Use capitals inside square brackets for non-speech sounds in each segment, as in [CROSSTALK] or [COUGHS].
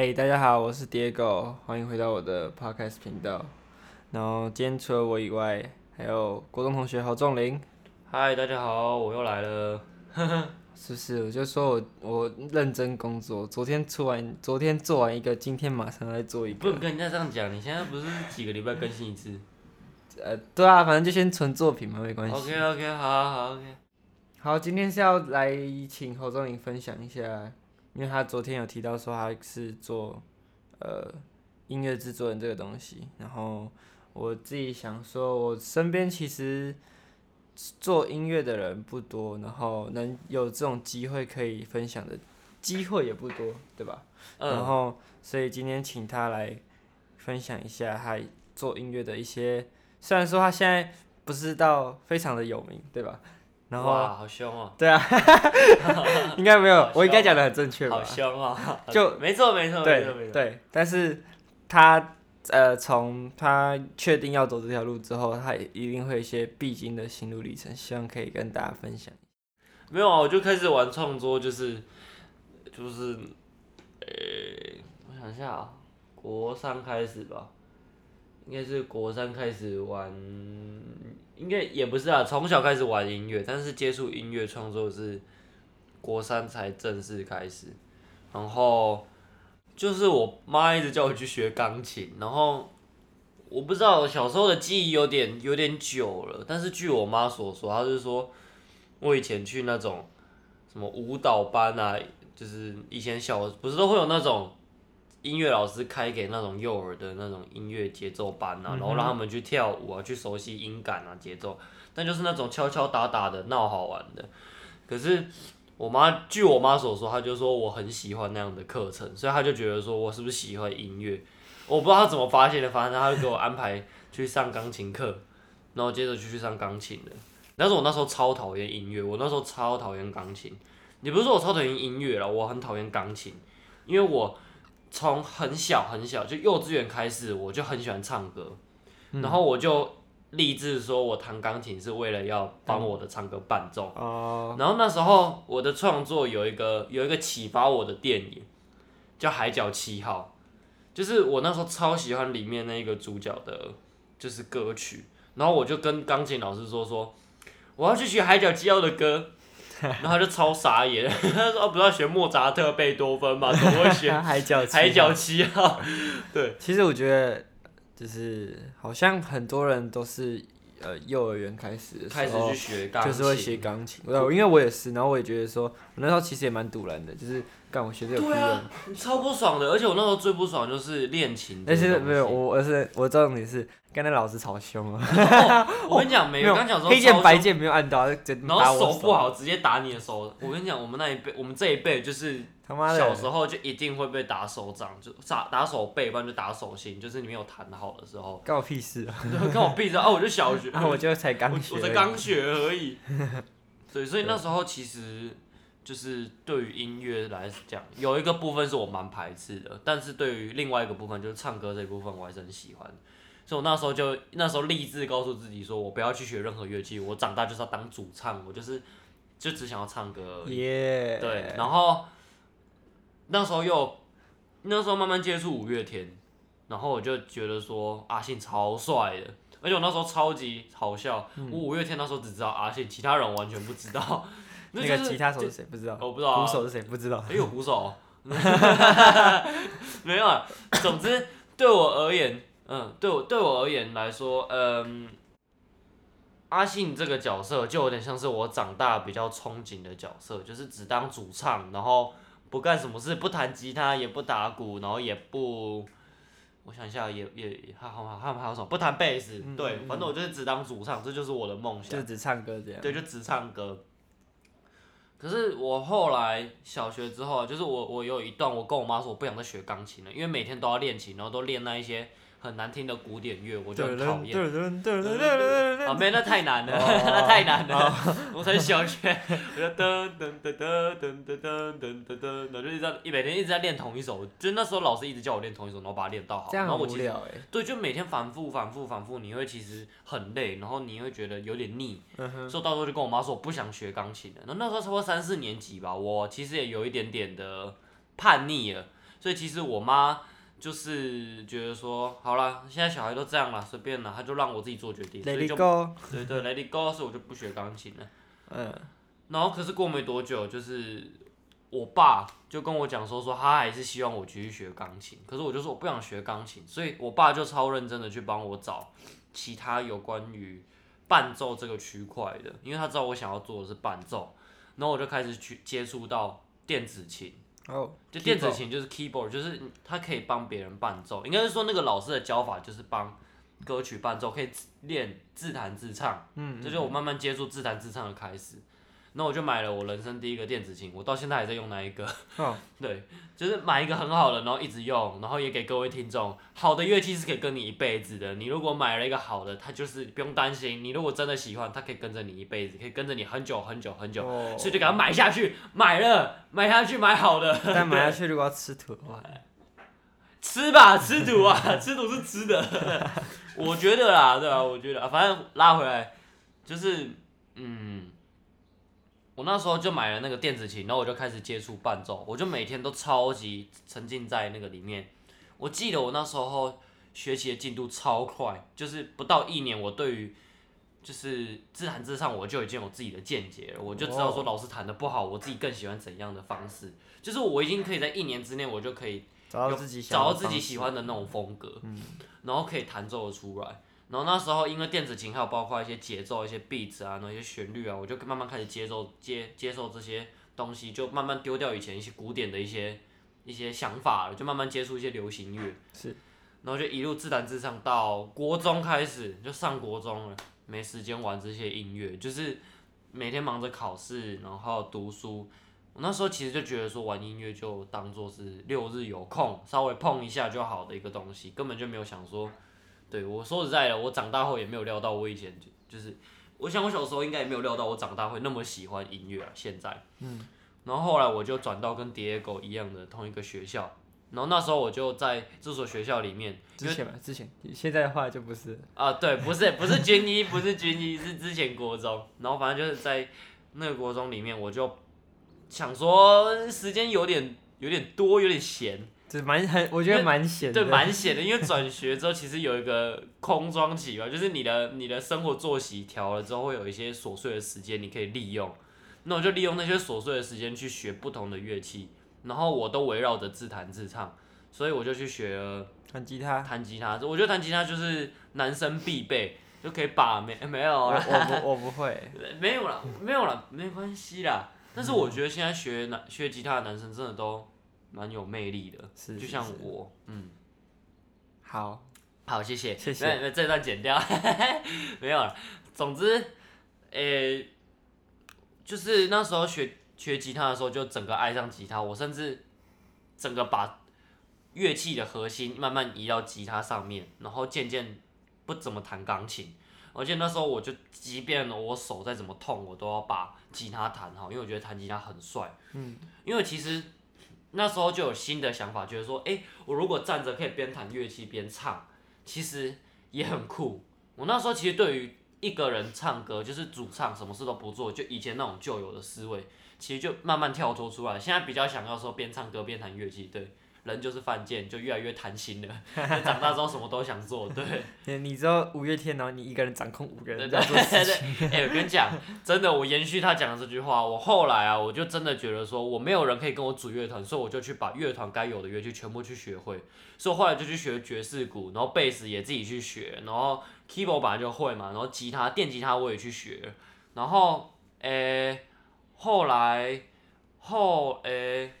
嗨，hey, 大家好，我是喋狗，歡迎回到我的 podcast 頻道。然後今天除了我以外，還有國中同學侯仲臨。嗨，大家好，我又來了。呵呵，是不是？我就說我我認真工作，昨天出完，昨天做完一個，今天馬上來做一個。不能跟人家這樣講，你現在不是幾個禮拜更新一次？ [LAUGHS] 呃，對啊，反正就先存作品嘛，沒關係。OK OK 好、啊、好好 OK。好，今天是要來請侯仲臨分享一下。因為他昨天有提到說他是做，呃，音樂制作人這個東西，然後我自己想說，我身邊其實做音樂的人不多，然後能有這種機會可以分享的機會也不多，對吧？嗯。然後，所以今天請他來分享一下他做音樂的一些，雖然說他現在不是到非常的有名，對吧？然後啊、哇，好香哦！對啊， [LAUGHS] 應該沒有，啊、我應該講的很正確吧？好香啊！就沒錯，沒錯，沒錯，沒錯。對，但是他呃，從他確定要走這條路之後，他也一定會有一些必經的心路歷程，希望可以跟大家分享。沒有啊，我就開始玩創作，就是，就是就是，呃、欸，我想一下啊，國三開始吧。應該是國三開始玩，應該也不是啊，從小開始玩音樂，但是接觸音樂創作是國三才正式開始。然後就是我媽一直叫我去學鋼琴，然後我不知道小時候的記憶有點有點久了，但是據我媽所說，她就是說我以前去那種什麼舞蹈班啊，就是以前小時候不是都會有那種。音樂老師開給那種幼兒的那種音樂節奏班啊，然後讓他們去跳舞啊，去熟悉音感啊節奏，但就是那種敲敲打打的鬧好玩的。可是我媽據我媽所說，她就說我很喜歡那樣的課程，所以她就覺得說我是不是喜歡音樂？我不知道她怎麼發現的，反正她就給我安排去上鋼琴課，然後接着就去上鋼琴了。但是我那時候超討厭音樂，我那時候超討厭鋼琴。你不是說我超討厭音樂了，我很討厭鋼琴，因為我。從很小很小就幼稚園開始，我就很喜歡唱歌，嗯。然後我就立志說，我彈鋼琴是為了要幫我的唱歌伴奏。哦。嗯。然後那時候我的創作有一個有一個啟發我的電影，叫《海角七號》，就是我那時候超喜歡裡面那個主角的，就是歌曲。然後我就跟鋼琴老師說說，我要去學《海角七號》的歌。 [LAUGHS] 然後他就超傻眼，他說：“哦，不要學莫扎特、貝多芬嘛，怎麼會學 [LAUGHS] 海角七號 [LAUGHS] ？”海角七號 [LAUGHS] 對，其實我覺得就是好像很多人都是呃幼兒園開始的時候開始去學鋼琴，就是會學鋼琴。不因為我也是，然後我也覺得說我那時候其實也蠻突然的，就是。幹我學這個對啊，超不爽的。而且我那時候最不爽的就是練琴。但是沒有我，我是我知道你是跟那老師超凶了、 [LAUGHS] 哦。我跟你講沒，沒有，剛講說黑鍵白鍵沒有按到，然後手不好直接打你的手。我跟你講，我們那一輩，我們這一輩就是小時候就一定會被打手掌，就打打手背，不然就打手心。就是你沒有彈好的時候，幹我屁事？幹我屁事啊！我就小學我，我就才剛學，我才剛學而已。 [LAUGHS] 對，所以那時候其實。就是對於音樂來講，有一個部分是我蠻排斥的，但是對於另外一個部分，就是唱歌這一部分，我還是很喜歡。所以我那時候就那時候立志告訴自己說，說我不要去學任何樂器，我長大就是要當主唱，我就是就只想要唱歌而已。Yeah. 對，然後那時候又那時候慢慢接觸五月天，然後我就覺得說阿信超帥的，而且我那時候超級好笑，嗯、我五月天那時候只知道阿信，其他人我完全不知道。 [LAUGHS] 那個吉他手是誰？不知道。欸、我不知道。鼓手是誰？不知道。還有鼓手？ [LAUGHS] [LAUGHS] 沒有啊。總之， [COUGHS] 對我而言，嗯，對我對我而言來說，嗯，阿信這個角色就有點像是我長大比較憧憬的角色，就是只當主唱，然後不幹什麼事，不彈吉他，也不打鼓，然後也不，我想一下，也也還好吧，還有還有什麼？不彈貝斯。嗯、對，嗯、反正我就是只當主唱，這就是我的夢想，就只唱歌這樣。對，就只唱歌。可是我後來小學之後，就是我我有一段，我跟我媽說我不想再學鋼琴了，因為每天都要練琴，然後都練那一些，很難聽的古典樂，我就很討厭。啊，沒，那太難了，那太難了。 [LAUGHS] 我才小學，噔噔噔噔噔噔噔噔噔，然後就一直一每天一直在練同一首，就那時候老師一直叫我練同一首，然後把它練到好。這樣然後我其實無聊哎、欸。對，就每天反覆、反覆、反覆，你會其實很累，然後你會覺得有點膩。嗯哼。所以到時候就跟我媽說，我不想學鋼琴了。然後那時候差不多三四年級吧，我其實也有一點點的叛逆了，所以其實我媽。就是覺得說，好了，現在小孩都這樣了，隨便了，他就讓我自己做決定，所以就，Let it go，對,對對，Let it go 的時候我就不學鋼琴了。嗯， [LAUGHS] 然後可是過沒多久，就是我爸就跟我講說，說他還是希望我繼續學鋼琴，可是我就說我不想學鋼琴，所以我爸就超認真的去幫我找其他有關於伴奏這個區塊的，因為他知道我想要做的是伴奏，然後我就開始去接觸到電子琴。哦，oh, 就電子琴就是 keyboard，就是它可以幫別人伴奏，應該是說那個老師的教法就是幫歌曲伴奏，可以練自彈自唱，嗯，嗯，嗯，這就我慢慢接觸自彈自唱的開始。那我就買了我人生第一個電子琴，我到現在還在用那一個。Oh. 對，就是買一個很好的，然後一直用，然後也給各位聽眾，好的樂器是可以跟你一輩子的。你如果買了一個好的，它就是不用擔心。你如果真的喜歡，它可以跟着你一輩子，可以跟着你很久很久很久。Oh. 所以就趕快買下去，買了買下去買好的。但買下去如果要吃土的話，吃吧，吃土啊， [LAUGHS] 吃土是吃的。我覺得啦，對啊，我覺得啊，反正拉回來就是，嗯。我那時候就買了那個電子琴，然後我就開始接觸伴奏，我就每天都超級沉浸在那個裡面。我記得我那時候學習的進度超快，就是不到一年，我對於就是自彈自唱，我就已經有自己的見解了。我就知道說老師彈的不好，我自己更喜歡怎樣的方式，就是我已經可以在一年之內，我就可以找到，找到自己喜歡的那種風格，嗯，然後可以彈奏得出來。然後那時候，因為電子琴，還有包括一些節奏、一些 beat 啊，然後一些旋律啊，我就慢慢開始接受、接接受這些東西，就慢慢丟掉以前一些古典的一些一些想法了，就慢慢接觸一些流行樂。是，然後就一路自彈自唱，到國中開始就上國中了，沒時間玩這些音樂，就是每天忙着考試，然後讀書。我那時候其實就覺得說，玩音樂就當作是六日有空稍微碰一下就好的一個東西，根本就沒有想說。對，我說實在的，我長大後也沒有料到，我以前就就是，我想我小時候應該也沒有料到，我長大會那麼喜歡音樂啊。現在，嗯，然後後來我就轉到跟 Diego 一樣的同一個學校，然後那時候我就在這所學校裡面，之前嘛就之前現在的話就不是啊，對，不是不是軍醫，不是軍醫，是之前國中，然後反正就是在那個國中裡面，我就想說時間有點有點多，有點閒。就蠻很，我覺得蠻險，對，蠻險的。因為轉學之後，其實有一個空窗期吧，就是你的你的生活作息調了之後，會有一些瑣碎的時間你可以利用。那我就利用那些瑣碎的時間去學不同的樂器，然後我都圍繞着自彈自唱，所以我就去學了彈吉他，彈吉他。我覺得彈吉他就是男生必備，就可以把妹。欸。沒有，我我我不會 [LAUGHS] 沒，沒有啦，沒有啦，沒關係啦。但是我覺得現在學男學吉他的男生真的都。蠻有魅力的，是是是就像我，是是嗯，好好，謝謝，謝謝。那這段剪掉， [LAUGHS] 沒有了。總之，誒、欸，就是那時候學學吉他的時候，就整個愛上吉他。我甚至整個把樂器的核心慢慢移到吉他上面，然後漸漸不怎麼彈鋼琴。而且那時候我就，即便我手再怎麼痛，我都要把吉他彈好，因為我覺得彈吉他很帥。嗯，因為其實。那時候就有新的想法，覺得說，誒，我如果站着可以邊彈樂器邊唱，其實也很酷。我那時候其實對於一個人唱歌，就是主唱，什麼事都不做，就以前那種舊有的思維，其實就慢慢跳脫出來。現在比較想要說邊唱歌邊彈樂器，對。人就是犯賤，就越來越貪心了。就長大之後什麼都想做，對。 [LAUGHS] 你知道五月天然後你一個人掌控五個人在對對對做事自、 [LAUGHS] 欸、我跟你講，真的，我延續他講的這句話，我後來啊，我就真的覺得說，我沒有人可以跟我組樂團，所以我就去把樂團該有的樂器全部去學會。所以我後來就去學爵士鼓，然後貝斯也自己去學，然後 keyboard 本來就會嘛，然後吉他電吉他我也去學，然後誒、欸、後來後誒。欸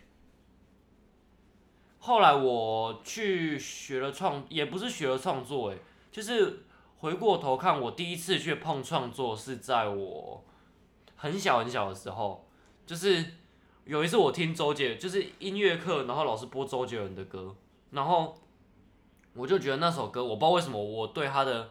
後來我去學了創，也不是學了創作誒、欸，就是回過頭看，我第一次去碰創作是在我很小很小的時候，就是有一次我聽周杰，就是音樂課，然後老師播周杰倫的歌，然後我就覺得那首歌，我不知道為什麼我對他的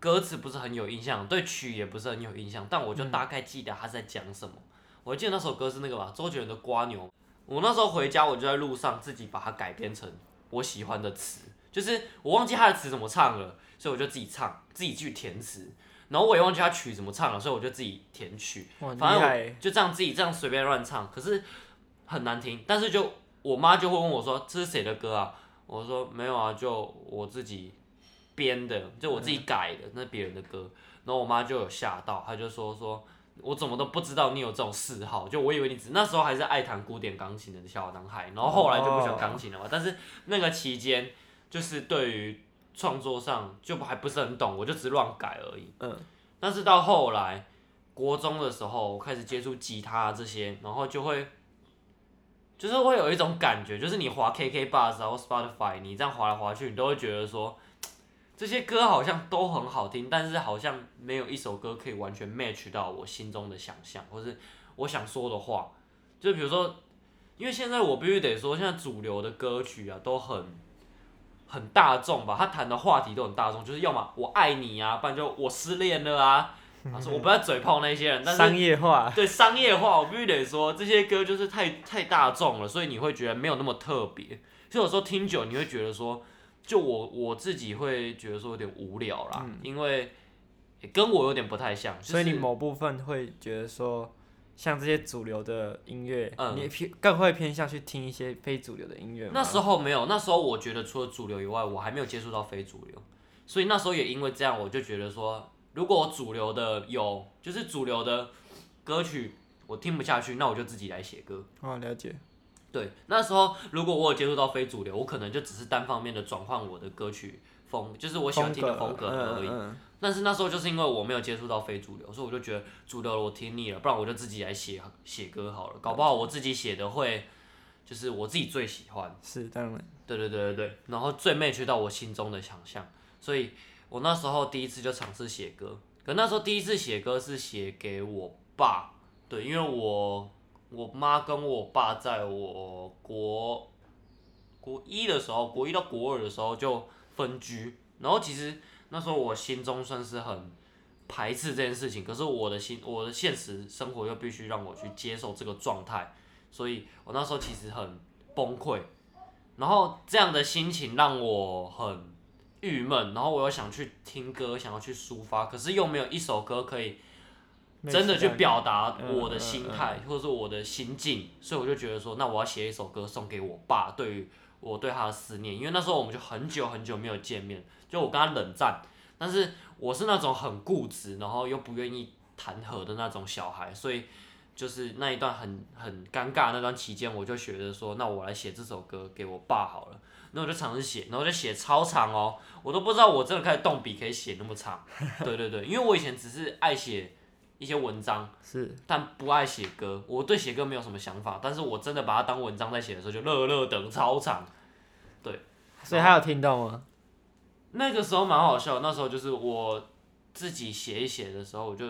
歌詞不是很有印象，對曲也不是很有印象，但我就大概記得他在講什麼。我記得那首歌是那個吧，周杰倫的《蝸牛》。我那時候回家，我就在路上自己把它改編成我喜歡的詞，就是我忘記它的詞怎麼唱了，所以我就自己唱，自己去填詞，然後我也忘記它曲怎麼唱了，所以我就自己填曲，反正我就這樣自己這樣隨便亂唱，可是很難聽，但是就我媽就會問我說，這是誰的歌啊？我說沒有啊，就我自己編的，就我自己改的那別人的歌，然後我媽就有嚇到，她就說說。我怎麼都不知道你有這種嗜好，就我以為你只那時候還是愛彈古典鋼琴的小男孩，然後後來就不喜歡鋼琴了嘛。Oh. 但是那個期間，就是對於創作上就還不是很懂，我就只亂改而已。嗯。但是到後來，國中的時候，我開始接觸吉他這些，然後就會，就是會有一種感覺，就是你滑 KKBOX 啊、或 Spotify，你這樣滑來滑去，你都會覺得說。這些歌好像都很好聽，但是好像沒有一首歌可以完全 match 到我心中的想象，或是我想說的話。就比如說，因為現在我必須得說，現在主流的歌曲啊，都很很大眾吧。他談的話題都很大眾，就是要麼我愛你啊，不然就我失戀了啊。說、 [LAUGHS] 啊、我不要嘴炮那些人，但是商業化，對商業化，我必須得說，這些歌就是太太大眾了，所以你會覺得沒有那麼特別。就有時候聽久，你會覺得說。就我我自己會覺得說有點無聊啦，嗯、因為跟我有點不太像，就是、所以你某部分會覺得說，像這些主流的音樂，嗯、你偏更會偏向去聽一些非主流的音樂嗎？那時候沒有，那時候我覺得除了主流以外，我還沒有接觸到非主流，所以那時候也因為這樣，我就覺得說，如果我主流的有就是主流的歌曲我聽不下去，那我就自己來寫歌。哦、啊，了解。對，那時候如果我有接觸到非主流，我可能就只是單方面的轉換我的歌曲風，就是我喜歡聽的風格而已。嗯嗯、但是那時候就是因為我沒有接觸到非主流，所以我就覺得主流我聽膩了，不然我就自己來寫寫歌好了，搞不好我自己寫的會就是我自己最喜歡，是當然，對對對對對，然後最沒有去到我心中的想象，所以我那時候第一次就嘗試寫歌。可那時候第一次寫歌是寫給我爸，對，因為我。我媽跟我爸在我國國一的時候，國一到國二的時候就分居，然後其實那時候我心中算是很排斥這件事情，可是我的心，我的現實生活又必須讓我去接受這個狀態，所以我那時候其實很崩潰，然後這樣的心情讓我很鬱悶，然後我又想去聽歌，想要去抒發，可是又沒有一首歌可以。真的去表達我的心態，或者說我的心境，所以我就覺得說，那我要寫一首歌送給我爸，對於我對他的思念，因為那時候我們就很久很久沒有見面，就我跟他冷戰，但是我是那種很固執，然後又不願意談和的那種小孩，所以就是那一段很很尷尬的那段期間，我就覺得說，那我來寫這首歌給我爸好了，那我就嘗試寫，然後就寫超長哦，我都不知道我真的開始動筆可以寫那麼長，對對對，因為我以前只是愛寫。一些文章是，但不愛寫歌。我對寫歌沒有什麼想法，但是我真的把它當文章在寫的時候，就樂樂等超長。對，所以他有聽到嗎？那個時候蠻好笑，那時候就是我自己寫一寫的時候，我就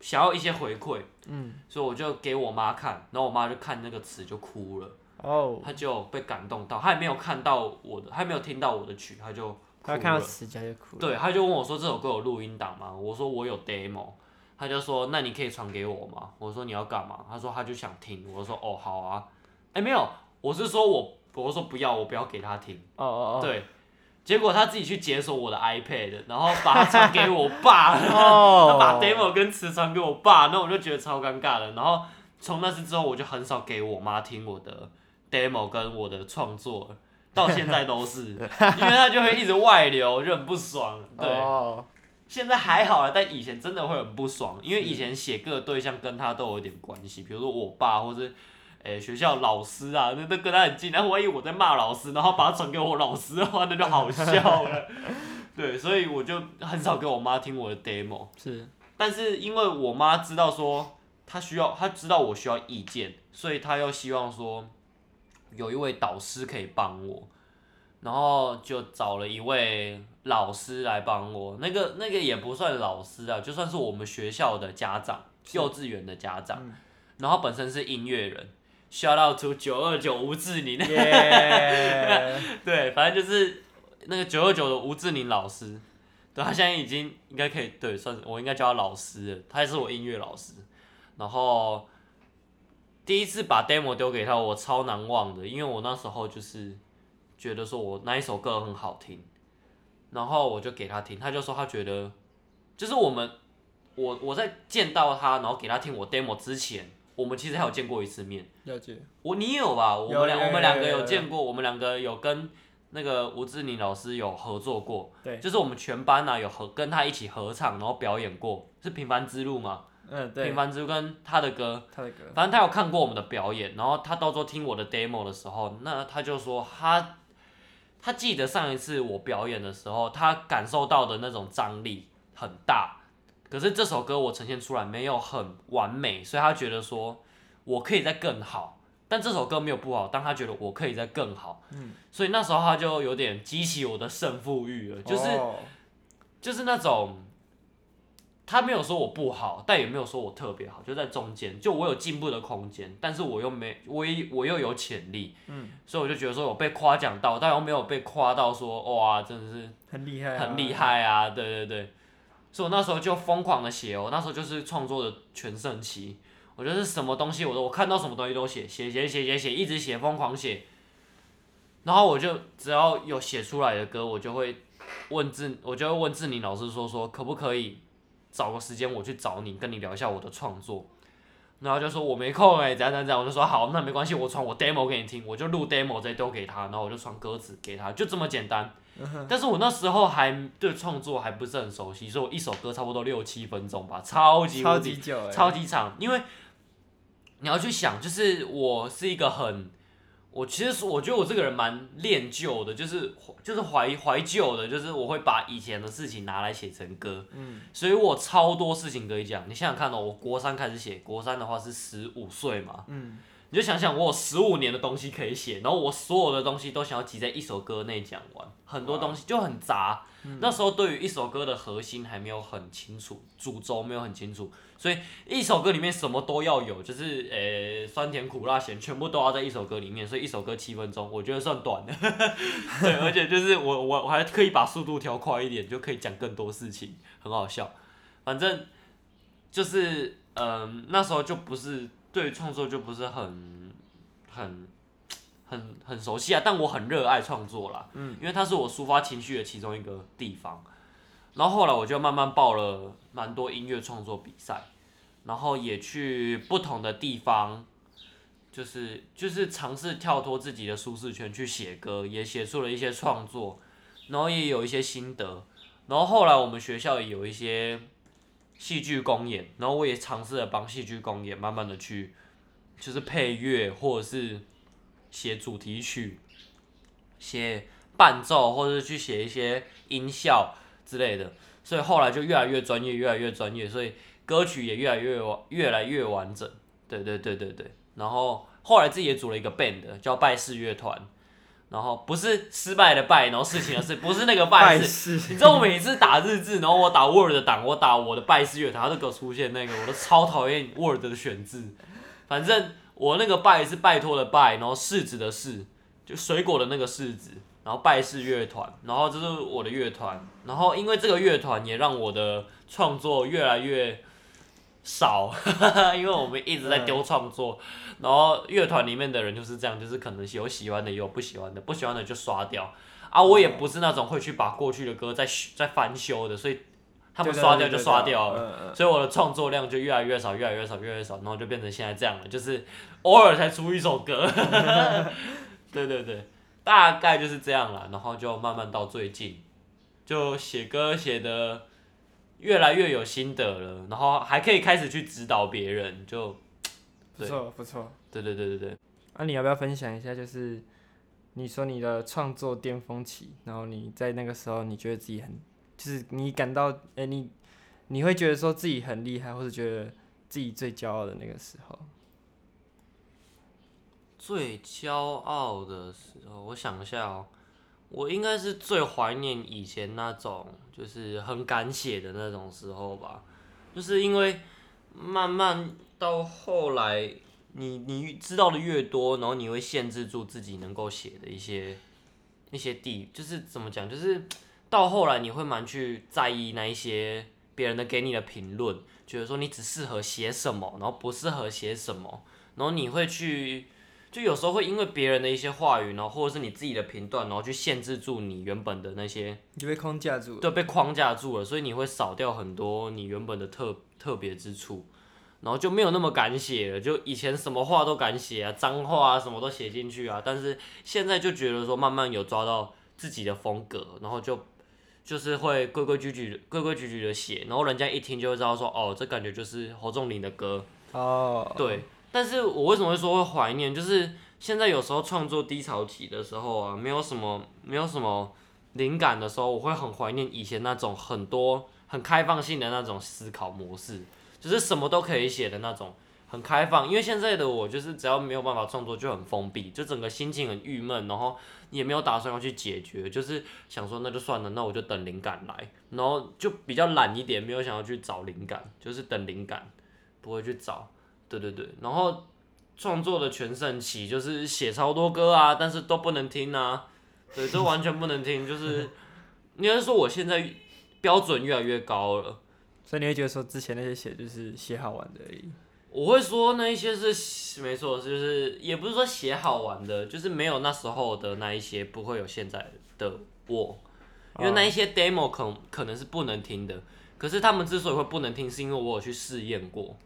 想要一些回饋，嗯，所以我就給我媽看，然後我媽就看那個詞就哭了，哦，她就被感動到，她還沒有看到我的，她也沒有聽到我的曲，她就哭了，她看到詞就哭。對，他就問我說，這首歌有錄音檔嗎？我說我有 demo。他就說：“那你可以傳給我嗎？”我說：“你要幹嘛？”他說：“他就想聽。”我說：“哦，好啊。”哎，沒有，我是說我，我說不要，我不要給他聽。哦哦、oh, oh, oh. 對，結果他自己去解鎖我的 iPad，然後把他傳給我爸， [LAUGHS] oh. [LAUGHS] 他把 demo 跟詞傳給我爸，那我就覺得超尷尬的。然後從那次之後，我就很少給我媽聽我的 demo 跟我的創作，到現在都是， [LAUGHS] 因為他就會一直外流，就很不爽。對。Oh. 現在還好了，但以前真的會很不爽，因為以前寫歌的對象跟他都有點關係，是比如說我爸，或是，誒、欸、學校老師啊，那都跟他很近。然後萬一我在罵老師，然後把他傳給我老師的話，那就好笑了。 [LAUGHS] 對，所以我就很少給我媽聽我的 demo。是，但是因為我媽知道說，她需要，她知道我需要意見，所以她又希望說，有一位導師可以幫我，然後就找了一位。老師來幫我，那個那個也不算老師啊，就算是我們學校的家長，是幼稚園的家長，嗯、然後本身是音樂人，29, Yeah Shout out to 929吳志寧。對，反正就是那個九二九的吳志寧老師，對，他現在已經應該可以，對，算我應該叫他老師，他也是我音樂老師，然後第一次把 demo 丟給他，我超難忘的，因為我那時候就是覺得說我那一首歌很好聽。然後我就給他聽，他就說他覺得，就是我們，我我在見到他，然後給他聽我 demo 之前，我們其實還有見過一次面。嗯、了解。我你有吧？有我們兩我們兩個有見過，我們兩個有跟那個吳志霖老師有合作過。對就是我們全班吶、啊、有合跟他一起合唱，然後表演過，是《平凡之路》嗎？嗯，對。《平凡之路》跟他的歌。他的歌。反正他有看過我們的表演，然後他到時候聽我的 demo 的時候，那他就說他。他記得上一次我表演的時候，他感受到的那種張力很大。可是這首歌我呈現出來沒有很完美，所以他覺得說我可以再更好。但這首歌沒有不好，當他覺得我可以再更好。嗯，所以那時候他就有點激起我的勝負慾了，就是，哦，就是那種。他沒有說我不好，但也沒有說我特別好，就在中間，就我有進步的空間，但是我又沒，我我又有潛力，嗯，所以我就覺得說我被誇獎到，但又沒有被誇到說哇，真的是很厲害，很厲害啊、害啊對對對，所以我那時候就瘋狂的寫，我那時候就是創作的全盛期，我覺得是什麼東西我都我看到什麼東西都寫，寫寫寫寫寫，一直寫瘋狂寫，然後我就只要有寫出來的歌，我就會問志，我就會問志寧老師說，說可不可以。找個時間我去找你，跟你聊一下我的創作，然後就說我沒空哎、欸，怎樣怎樣，我就說好，那沒關係，我傳我 demo 給你聽，我就錄 demo 這些都給他，然後我就傳歌詞給他，就這麼簡單。但是我那時候還對創作還不是很熟悉，所以我一首歌差不多六七分鐘吧，超級無敵超級久、欸，超級長，因為你要去想，就是我是一個很。我其實我覺得我這個人蠻戀舊的，就是就是懷懷舊的，就是我會把以前的事情拿來寫成歌，嗯，所以我超多事情可以講。你想想看哦，我國三開始寫，國三的話是十五歲嘛，嗯。你就想想，我有十五年的東西可以寫，然後我所有的東西都想要擠在一首歌內講完，很多東西就很雜。Wow. 那時候對於一首歌的核心還沒有很清楚，主軸沒有很清楚，所以一首歌裡面什麼都要有，就是誒、欸，酸甜苦辣鹹全部都要在一首歌裡面。所以一首歌七分鐘，我覺得算短的。 [LAUGHS] 對，而且就是我我我還可以把速度調快一點，就可以講更多事情，很好笑。反正就是嗯、呃，那時候就不是。對創作就不是很、很、很、很熟悉啊，但我很熱愛創作啦，嗯，因為它是我抒發情緒的其中一個地方。然後後來我就慢慢報了蠻多音樂創作比賽，然後也去不同的地方，就是、就是嘗試跳脫自己的舒適圈去寫歌，也寫出了一些創作，然後也有一些心得。然後後來我們學校也有一些。戲劇公演，然後我也嘗試了幫戲劇公演慢慢的去，就是配樂或者是寫主題曲，寫伴奏，或者是去寫一些音效之類的。所以後來就越來越專業，越來越專業，所以歌曲也越來越越來越完整。對對對對對。然後後來自己也組了一個 band，叫拜世樂團。然後不是失敗的敗，然後事情的事，不是那個敗是。敗事你知道我每次打日志，然後我打 Word 的檔，我打我的拜柿樂團，它就出現那個，我都超討厭 Word 的選字。反正我那個拜是拜托的拜，然後柿子的柿，就水果的那個柿子，然後拜柿樂團，然後這是我的樂團，然後因為這個樂團也讓我的創作越來越。少呵呵，因為我們一直在丟創作，嗯、然後樂團裡面的人就是這樣，就是可能有喜歡的，有不喜歡的，不喜歡的就刷掉啊。我也不是那種會去把過去的歌再再翻修的，所以他們刷掉就刷掉了，所以我的創作量就越來越少，越來越少，越來越少，然後就變成現在這樣了，就是偶爾才出一首歌呵呵。對對對，大概就是這樣啦，然後就慢慢到最近，就寫歌寫得。越來越有心得了，然後還可以開始去指導別人，就不錯不錯。不錯。對對對對對，那、啊、你要不要分享一下？就是你說你的創作巔峰期，然後你在那個時候，你覺得自己很，就是你感到哎你，你會覺得說自己很厲害，或者覺得自己最驕傲的那個時候？最驕傲的時候，我想一下哦。我應該是最懷念以前那種，就是很敢寫的那種時候吧，就是因為慢慢到後來，你你知道的越多，然後你會限制住自己能夠寫的一些一些地，就是怎麼講，就是到後來你會蠻去在意那一些別人的給你的評論，覺得說你只適合寫什麼，然後不適合寫什麼，然後你會去。就有時候會因為別人的一些話語，然後或者是你自己的評斷，然後去限制住你原本的那些，就被框架住，對，被框架住了，所以你會少掉很多你原本的特特別之處，然後就沒有那麼敢寫了。就以前什麼話都敢寫啊，髒話啊什麼都寫進去啊，但是現在就覺得說慢慢有抓到自己的風格，然後就就是會規規矩矩規規矩矩的寫，然後人家一聽就會知道說哦，這感覺就是侯仲臨的歌哦，oh. 對。但是我為什麼會說會懷念？就是現在有時候創作低潮期的時候啊，沒有什麼沒有什麼靈感的時候，我會很懷念以前那種很多很開放性的那種思考模式，就是什麼都可以寫的那種很開放。因為現在的我就是只要沒有辦法創作就很封閉，就整個心情很鬱悶，然後也沒有打算要去解決，就是想說那就算了，那我就等靈感來，然後就比較懶一點，沒有想要去找靈感，就是等靈感，不會去找。對對對，然後創作的全盛期就是寫超多歌啊，但是都不能聽啊，對，都完全不能聽， [LAUGHS] 就是，你要是說我現在標準越來越高了，所以你會覺得說之前那些寫就是寫好玩的而已？我會說那一些是沒錯，就是也不是說寫好玩的，就是沒有那時候的那一些不會有現在的我，因為那一些 demo 可能可能是不能聽的，可是他們之所以會不能聽，是因為我有去試驗過，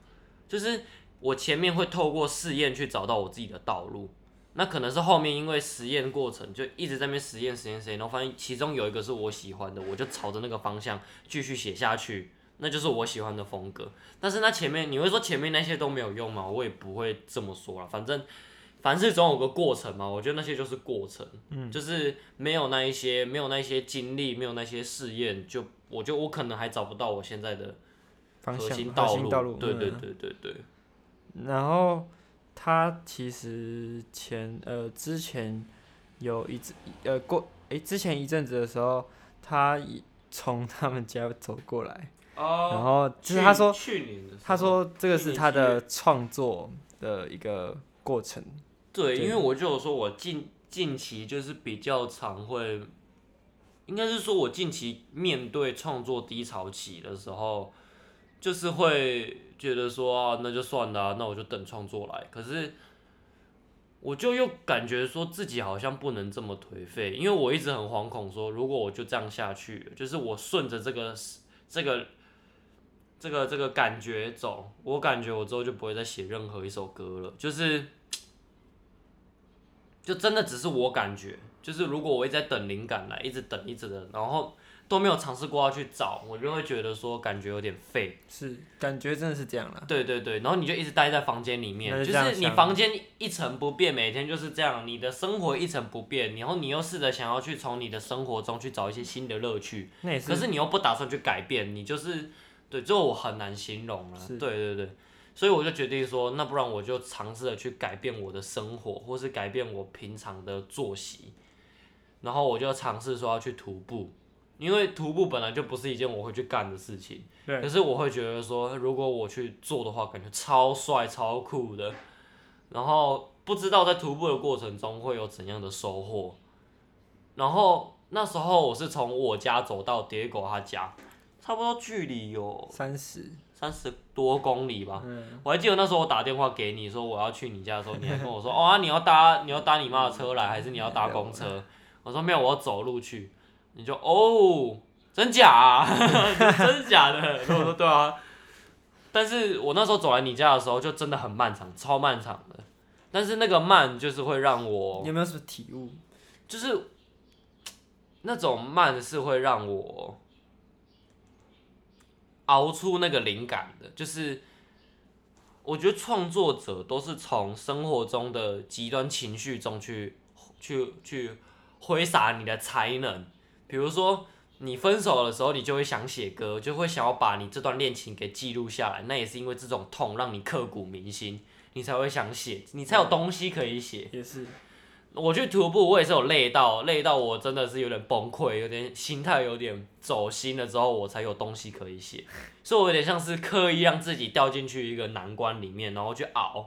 就是。我前面會透過試驗去找到我自己的道路，那可能是後面因為實驗過程就一直在那邊實驗實驗實驗，然後發現其中有一個是我喜歡的，我就朝着那個方向繼續寫下去，那就是我喜歡的風格。但是那前面你會說前面那些都沒有用嗎？我也不會這麼說啦，反正凡事總有個過程嘛。我覺得那些就是過程，嗯，就是沒有那一些沒有那些經歷，沒有那些試驗，就我覺得我可能還找不到我現在的核心道路，道路對，對對對對對。然後他其實前呃之前有一次呃過誒，之前一陣子的時候，他從他們家走過來，呃、然後就是他說去年的時候，他說這個是他的創作的一個過程。對，對，因為我就有說，我近近期就是比較常會，應該是說我近期面對創作低潮期的時候。就是會覺得說啊，那就算了、啊，那我就等創作來。可是，我就又感覺說自己好像不能這麼頹廢，因為我一直很惶恐說，如果我就這樣下去，就是我順着這個這個這個、這個、這個感覺走，我感覺我之後就不會再寫任何一首歌了。就是，就真的只是我感覺，就是如果我一直在等靈感來，一直等，一直等，然後。都沒有嘗試過要去找，我就會覺得說感覺有點廢，是感覺真的是這樣了，啊。對對對，然後你就一直待在房間裡面，就，就是你房間一成不變，每天就是這樣，你的生活一成不變，然後你又試着想要去從你的生活中去找一些新的樂趣，那是可是你又不打算去改變，你就是對，這我很難形容了。是對對對，所以我就決定說，那不然我就嘗試着去改變我的生活，或是改變我平常的作息，然後我就嘗試說要去徒步。因為徒步本來就不是一件我會去幹的事情，對可是我會覺得說，如果我去做的話，感覺超帥超酷的。然後不知道在徒步的過程中會有怎樣的收穫。然後那時候我是從我家走到蝶狗他家，差不多距離有三十三十多公里吧。嗯、我還記得那時候我打電話給你說我要去你家的時候，你還跟我說 [LAUGHS] 哦，啊、你要搭你要搭你媽的車來，還是你要搭公車？我說沒有，我要走路去。你就哦，真假，啊呵呵，真假的？ [LAUGHS] 對啊，但是我那時候走來你家的時候，就真的很漫長，超漫長的。但是那個慢，就是會讓我，你有沒有什麼體悟？就是那種慢，是會讓我熬出那個靈感的。就是我覺得創作者都是從生活中的極端情緒中去，去，去揮灑你的才能。比如說，你分手的時候，你就會想寫歌，就會想要把你這段戀情給記錄下來。那也是因為這種痛，讓你刻骨銘心，你才會想寫，你才有東西可以寫。也是，我去徒步，我也是有累到，累到我真的是有點崩潰，有點心態有點走心了之後，我才有東西可以寫。所以我有點像是刻意讓自己掉進去一個難關裡面，然後去熬。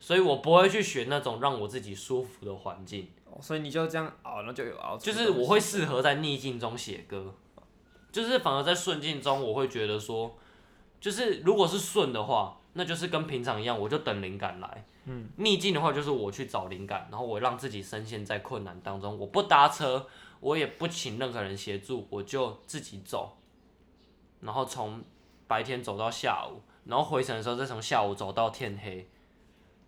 所以，我不會去選那種讓我自己舒服的環境。所以你就這樣熬，了就有熬。就是我會適合在逆境中寫歌，就是反而在順境中，我會覺得說，就是如果是順的話，那就是跟平常一樣，我就等靈感來。嗯。逆境的話，就是我去找靈感，然後我讓自己深陷在困難當中，我不搭車，我也不請任何人協助，我就自己走，然後從白天走到下午，然後回程的時候再從下午走到天黑。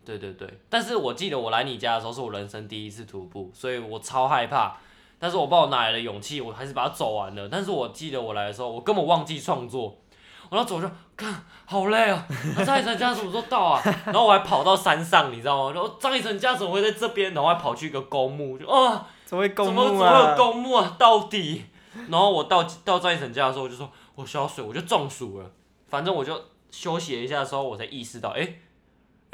對對對，但是我記得我來你家的時候是我人生第一次徒步，所以我超害怕。但是我把我拿來的勇氣，我還是把它走完了。但是我記得我來的時候，我根本忘記創作。我然後走走着，看，好累啊！張一成家什麼時候到啊？然後我還跑到山上， [LAUGHS] 你知道嗎？然後張一晨家怎麼會在這邊？然後還跑去一個公墓，就啊，怎麼會公墓啊？怎麼會有公墓啊？到底？然後我到到張一晨家的時候，我就說我需要水，我就中暑了。反正我就休息了一下的時候，我才意識到，誒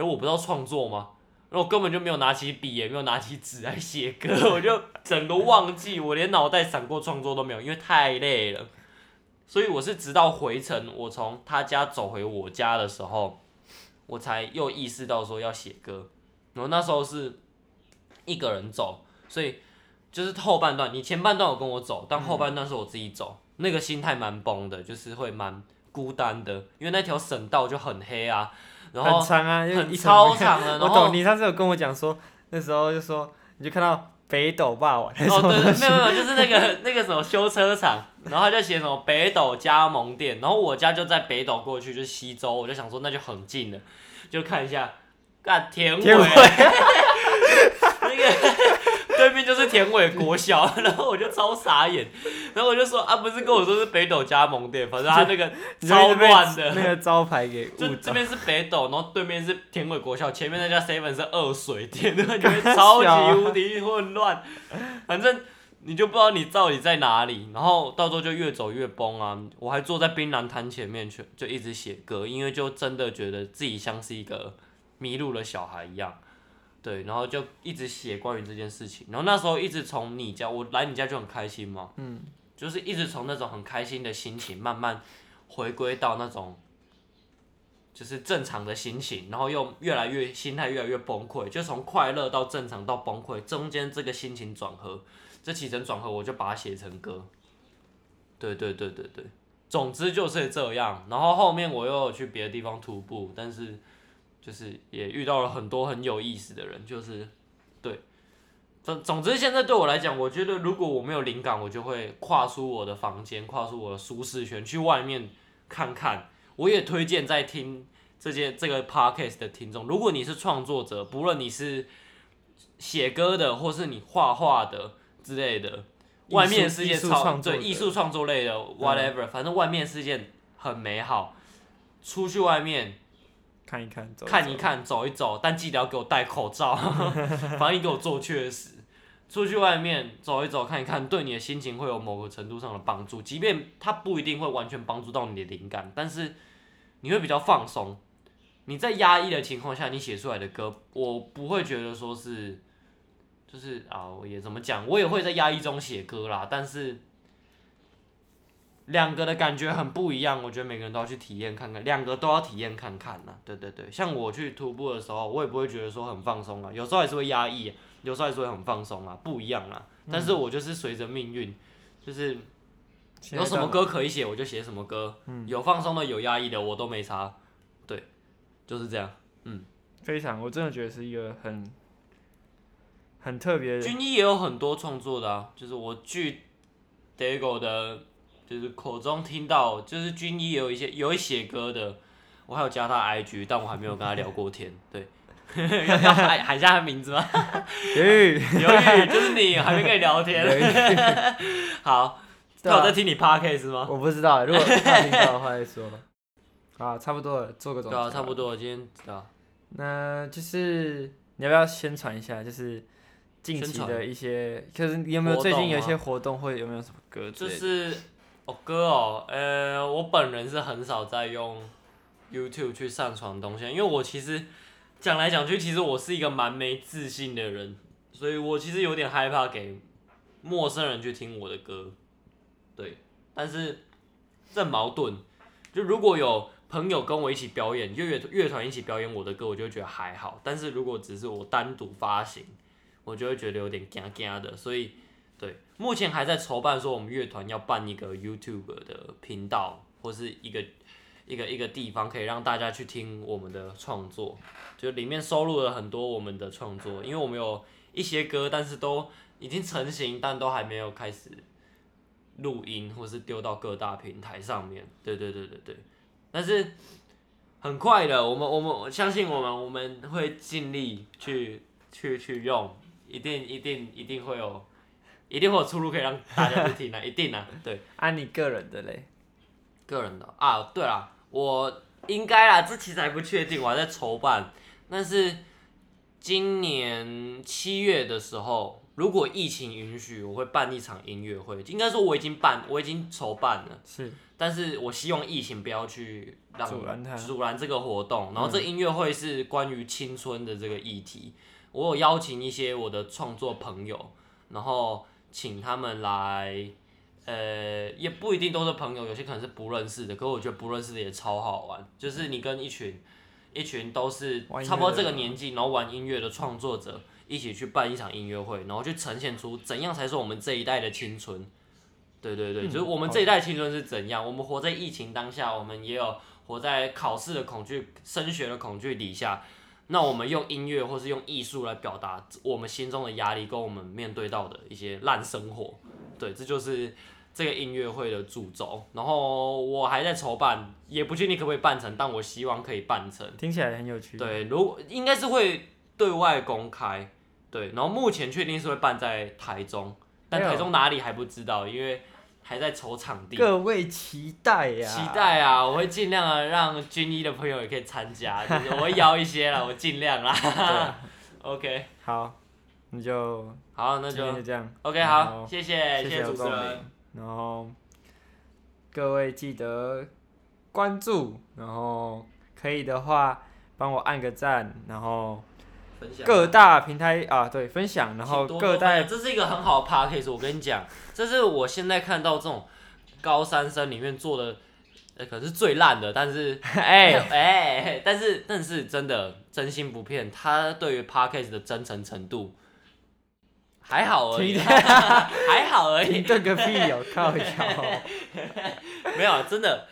我不知道創作嗎？那我根本就沒有拿起筆，也沒有拿起紙來寫歌，我就整個忘記，我連腦袋閃過創作都沒有，因為太累了。所以我是直到回程，我從他家走回我家的時候，我才又意識到說要寫歌。然後那時候是一個人走，所以就是後半段，你前半段有跟我走，但後半段是我自己走，那個心態蠻崩的，就是會蠻孤單的，因為那條省道就很黑啊。然後，很長啊，就超長的。然後我懂你上次有跟我講說，那時候就說你就看到北斗霸王。哦、喔，對，沒有沒有，就是那個 [LAUGHS] 那個什麼修車廠，然後他就寫什麼北斗加盟店，然後我家就在北斗過去就是溪州，我就想說那就很近了，就看一下，幹田尾。田尾 [LAUGHS] 田尾國小，然後我就超傻眼，然後我就說啊，不是跟我說是北斗加盟店，反正他那個超亂的，那個招牌給，我這邊是北斗，然後對面是田尾國小，前面那家 seven 是二水店，我覺得超級無敵混亂，反正你就不知道你到底在哪裡，然後到時候就越走越崩啊，我還坐在檳榔攤前面去，就一直寫歌，因為就真的覺得自己像是一個迷路的小孩一樣。對，然後就一直寫關於這件事情。然後那時候一直從你家，我來你家就很開心嘛，嗯，就是一直從那種很開心的心情慢慢回歸到那種就是正常的心情，然後又越來越心態越來越崩潰，就從快樂到正常到崩潰，中間這個心情轉合，這起承轉合我就把它寫成歌。對對對對對，總之就是這樣。然後後面我又有去別的地方徒步，但是。就是也遇到了很多很有意思的人，就是，對，總總之現在對我來講，我覺得如果我沒有靈感，我就會跨出我的房間，跨出我的舒適圈，去外面看看。我也推薦在聽這件這個 podcast 的聽眾，如果你是創作者，不論你是寫歌的，或是你畫畫的之類的，藝術，外面世界超，對藝術創作類的 whatever，、嗯、反正外面世界很美好，出去外面。看一看，走一走，但記得要給我戴口罩，防疫你給我做確實。出去外面走一走，看一看，對你的心情會有某個程度上的幫助，即便它不一定會完全幫助到你的靈感，但是你會比較放鬆。你在壓抑的情況下，你寫出來的歌，我不會覺得說是，就是啊，我也怎麼講，我也會在壓抑中寫歌啦，但是。兩個的感覺很不一樣，我覺得每個人都要去體驗看看，兩個都要體驗看看呢啊。對對對，像我去徒步的時候，我也不會覺得說很放鬆啊，有時候還是會壓抑啊，有時候還是會很放鬆啊，不一樣啊。但是我就是隨着命運，就是有什麼歌可以寫我就寫什麼歌，有放鬆的有壓抑的我都沒差，對，就是這樣。嗯，非常，我真的覺得是一個很很特別的。軍醫也有很多創作的啊，就是我去德國的。就是口中聽到，就是軍醫有一些有寫歌的，我還有加他 I G，但我還沒有跟他聊過天。對， [LAUGHS] 要喊一下他名字嗎？劉宇雨，劉宇，就是你，還沒跟你聊天。雨好，那、啊、我在聽你 podcast 嗎？我不知道，如果他聽到的話再說。好，差不多了，做個總結、啊。差不多，了，今天啊，那就是你要不要宣傳一下？就是近期的一些，就傳是你有沒有最近有一些活動，活動或者有沒有什麼歌？就是。哦，歌哦，呃、欸，我本人是很少在用 YouTube 去上傳東西，因為我其實講來講去，其實我是一個蠻沒自信的人，所以我其實有點害怕給陌生人去聽我的歌，對，但是這矛盾，就如果有朋友跟我一起表演，樂樂樂團一起表演我的歌，我就覺得還好，但是如果只是我單獨發行，我就會覺得有點驚驚的，所以。對，目前還在籌辦，說我們樂團要辦一個 YouTube 的頻道，或是一個一個一個地方，可以讓大家去聽我們的創作，就裡面收錄了很多我們的創作，因為我們有一些歌，但是都已經成型，但都還沒有開始錄音，或是丟到各大平台上面。對對對對對，但是很快的，我們我們我相信我們我們會盡力去去去用，一定一定一定會有。一定會有出路可以讓大家去聽的。啊， [LAUGHS] 一定啊。對，按、啊、你個人的嘞，個人的啊。對了，我應該啊，這其實還不確定，我還在籌辦。 [LAUGHS] 但是今年七月的時候，如果疫情允許，我會辦一場音樂會。應該說我已經辦，我已經籌辦了。是。但是我希望疫情不要去讓阻攔他、阻攔這個活動。然後這個音樂會是關於青春的這個議題。嗯、我有邀請一些我的創作朋友，然後。請他們來，呃，也不一定都是朋友，有些可能是不認識的。可是我覺得不認識的也超好玩，就是你跟一群一群都是差不多這個年紀，然後玩音樂的創作者一起去辦一場音樂會，然後去呈現出怎樣才是我們這一代的青春。對對對，嗯、就是我們這一代的青春是怎樣？我們活在疫情當下，我們也有活在考試的恐懼、升學的恐懼底下。那我們用音樂或是用藝術來表達我們心中的壓力跟我們面對到的一些爛生活，對，這就是這個音樂會的主軸。然後我還在籌辦，也不確定可不可以辦成，但我希望可以辦成。聽起來很有趣。對，如果應該是會對外公開。對，然後目前確定是會辦在台中，但台中哪裡還不知道，有因為。還在籌場地，各位期待呀、啊！期待啊！我會盡量的讓軍醫的朋友也可以參加， [LAUGHS] 我會邀一些了，我盡量啦。OK，好，那就好，那就這樣。OK，好，後謝謝，謝謝主持人。然後，各位記得關注，然後可以的話幫我按個讚，然後。各大平台啊，對，分享，多然後各大，這是一個很好的 podcast 我跟你講，這是我現在看到這種高三生裡面做的，欸、可是最爛的，但是，哎哎、欸欸欸，但是但是真的，真心不騙，他對於 podcast 的真誠程度，還好而已，頓 [LAUGHS] 還好而已，停頓個屁喲、喔、 [LAUGHS] 靠、喔，沒有，真的。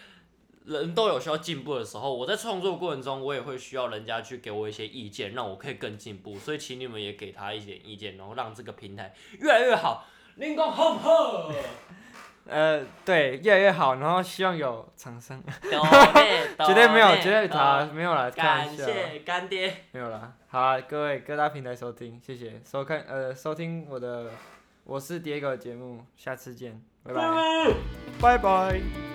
人都有需要進步的時候，我在創作的過程中，我也會需要人家去給我一些意見，讓我可以更進步。所以請你們也給他一點意見，然後讓這個平台越來越好。你講好不好？呃，對，越來越好，然後希望有掌聲。 [LAUGHS] 絕對沒有，絕對他沒有了，感謝乾爹。沒有了，好，各位各大平台收聽，謝謝收看，呃，收聽我的，我是第一個節目，下次見，拜拜，拜拜各位。